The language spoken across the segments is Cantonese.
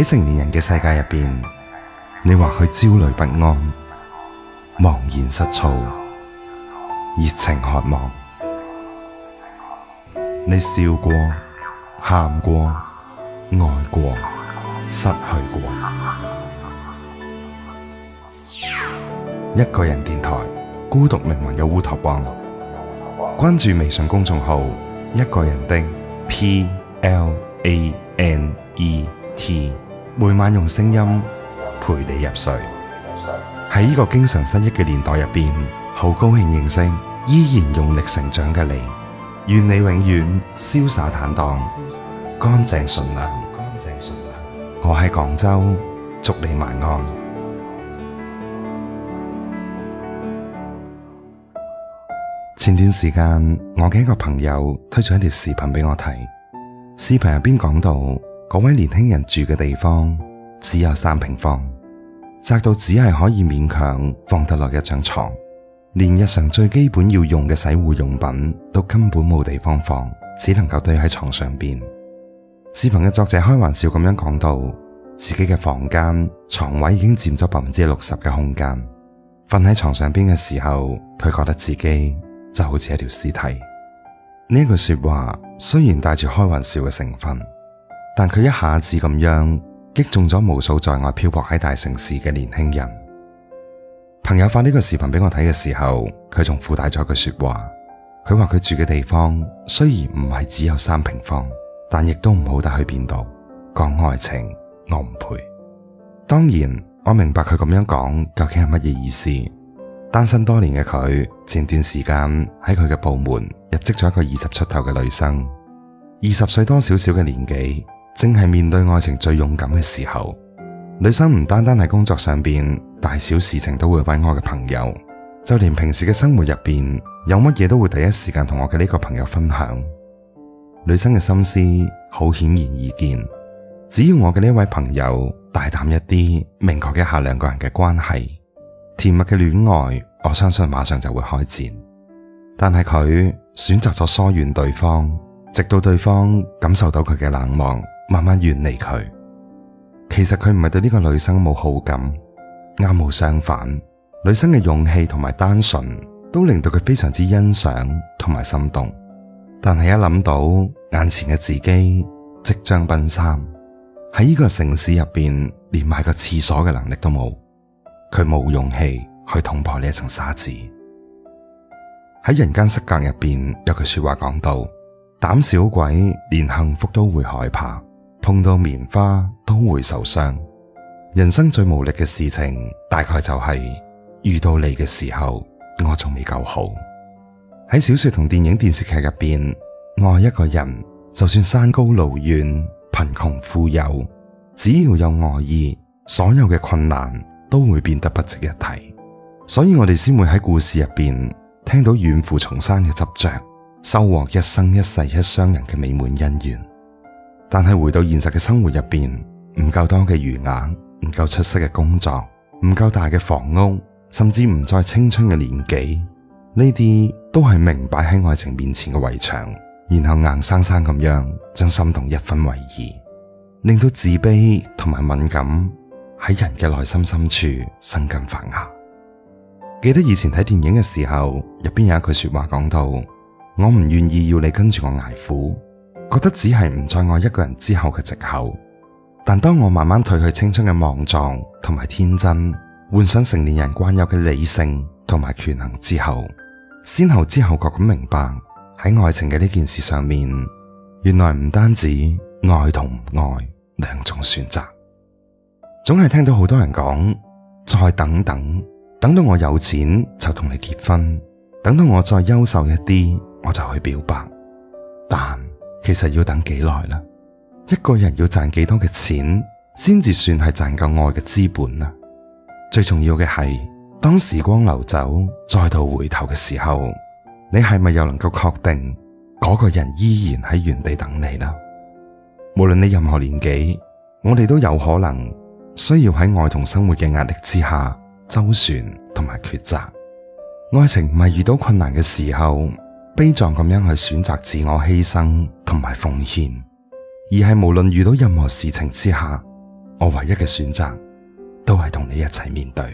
喺成年人嘅世界入邊，你或許焦慮不安、茫然失措、熱情渴望。你笑過、喊過、愛過、失去過。一個人電台，孤獨靈魂有烏托邦。關注微信公眾號“一個人的 P L A N E T”。每晚用聲音陪你入睡。喺呢個經常失憶嘅年代入邊，好高興認識依然用力成長嘅你。願你永遠瀟灑坦蕩、乾淨純良。我喺廣州，祝你晚安。前段時間，我嘅一個朋友推咗一條視頻俾我睇，視頻入邊講到。嗰位年輕人住嘅地方只有三平方，窄到只係可以勉強放得落一張床，連日常最基本要用嘅洗護用品都根本冇地方放，只能夠堆喺床上邊。視頻嘅作者開玩笑咁樣講到，自己嘅房間床位已經佔咗百分之六十嘅空間，瞓喺床上邊嘅時候，佢覺得自己就好似一條屍體。呢句說話雖然帶住開玩笑嘅成分。但佢一下子咁樣擊中咗無數在外漂泊喺大城市嘅年輕人。朋友發呢個視頻俾我睇嘅時候，佢仲附帶咗句說話。佢話佢住嘅地方雖然唔係只有三平方，但亦都唔好得去邊度，講愛情，我唔配。當然，我明白佢咁樣講究竟係乜嘢意思。單身多年嘅佢，前段時間喺佢嘅部門入職咗一個二十出頭嘅女生，二十歲多少少嘅年紀，正係面對愛情最勇敢嘅時候，女生唔單單係工作上邊，大小事情都會揾我嘅朋友，就連平時嘅生活入邊，有乜嘢都會第一時間同我嘅呢個朋友分享。女生嘅心思好顯而易見，只要我嘅呢位朋友大膽一啲，明確一下兩個人嘅關係，甜蜜嘅戀愛我相信馬上就會開戰。但係佢選擇咗疏遠對方，直到對方感受到佢嘅冷漠。慢慢遠離佢，其實佢唔係對呢個女生冇好感，啱好相反，女生嘅勇氣同埋單純都令到佢非常之欣賞同埋心動。但係一諗到眼前嘅自己即將奔三，喺呢個城市入邊連買個廁所嘅能力都冇，佢冇勇氣去捅破呢一層沙子。喺人間失格入邊有句說話講到：膽小鬼連幸福都會害怕。碰到棉花都會受傷，人生最無力嘅事情大概就係遇到你嘅時候，我仲未夠好。喺小說同電影、電視劇入邊，愛一個人就算山高路遠、貧窮富有，只要有愛意，所有嘅困難都會變得不值一提。所以我哋先會喺故事入邊聽到遠赴重山嘅執着，收穫一生一世一雙人嘅美滿姻緣。但係回到現實嘅生活入邊，唔夠多嘅餘額，唔夠出色嘅工作，唔夠大嘅房屋，甚至唔再青春嘅年紀，呢啲都係明擺喺愛情面前嘅圍牆，然後硬生生咁樣將心動一分為二，令到自卑同埋敏感喺人嘅內心深處生根發芽。記得以前睇電影嘅時候，入邊有一句說話講到：我唔願意要你跟住我挨苦。覺得只係唔再愛一個人之後嘅借口，但當我慢慢褪去青春嘅莽撞同埋天真，換上成年人慣有嘅理性同埋權衡之後，先後之後覺咁明白喺愛情嘅呢件事上面，原來唔單止愛同唔愛兩種選擇，總係聽到好多人講，再等等，等到我有錢就同你結婚，等到我再優秀一啲我就去表白，但。其實要等幾耐啦？一個人要賺幾多嘅錢先至算係賺夠愛嘅資本啊！最重要嘅係，當時光流走，再度回頭嘅時候，你係咪又能夠確定嗰個人依然喺原地等你呢？無論你任何年紀，我哋都有可能需要喺愛同生活嘅壓力之下周旋同埋抉擇。愛情唔係遇到困難嘅時候，悲壯咁樣去選擇自我犧牲同埋奉獻，而係無論遇到任何事情之下，我唯一嘅選擇都係同你一齊面對。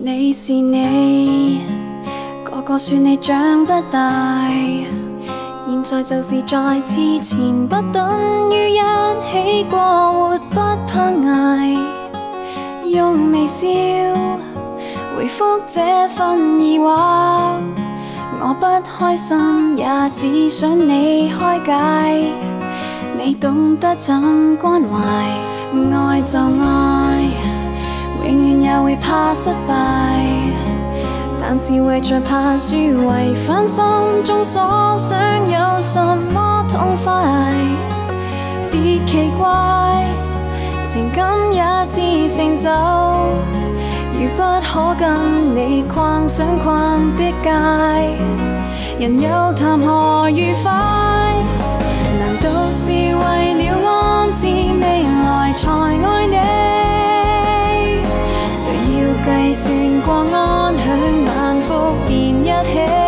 你是你，個個説你長不大。現在就是再癡纏，不等於一起過活不怕捱。用微笑回覆這份疑惑，我不開心也只想你開解，你懂得怎關懷，愛就愛。永遠也會怕失敗，但是為著怕輸違反心中所想，有什麼痛快？別奇怪，情感也是成就，如不可跟你逛想逛的街，人又談何愉快？難道是為了安置未來才愛？計算過安享晚福便一起。